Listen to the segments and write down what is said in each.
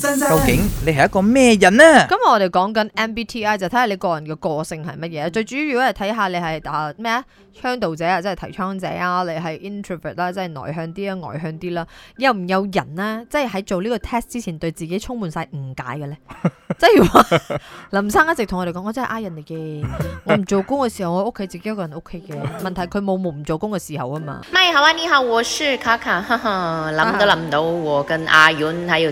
真，究竟你係一個咩人呢、啊？今日我哋講緊 MBTI 就睇下你個人嘅個性係乜嘢，最主要係睇下你係啊咩啊倡導者啊，即係提倡者啊，你係 introvert 啦，即係內向啲啊，外向啲啦，有唔有人呢？即係喺做呢個 test 之前，對自己充滿晒誤解嘅咧？ 即係話林生一直同我哋講，我真係 I 人嚟嘅， 我唔做工嘅時候，我屋企自己一個人 OK 嘅。 問題佢冇冇唔做工嘅時候啊嘛？My，好啊，你好，我是卡卡，諗都諗唔到我跟阿云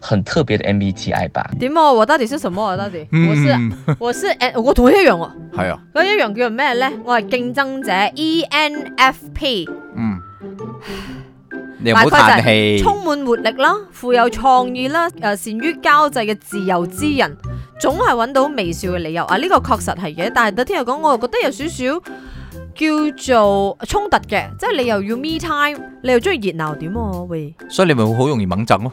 很特別的 MBTI 吧？點我、啊？我到底是什麼啊？到底？嗯、我是，我是，我同佢一樣喎。係啊，嗰、啊、一樣叫做咩咧？我係競爭者，E N F P。E-N-F-P，嗯，你唔好嘆氣，充滿活力啦，富有創意啦，又善於交際嘅自由之人，嗯、總係搵到微笑嘅理由啊！呢、這個確實係嘅，但係等聽日講，我又覺得有少少叫做衝突嘅，即係你又要 me time，你又中意熱鬧點啊？喂，所以你咪會好容易掹震咯。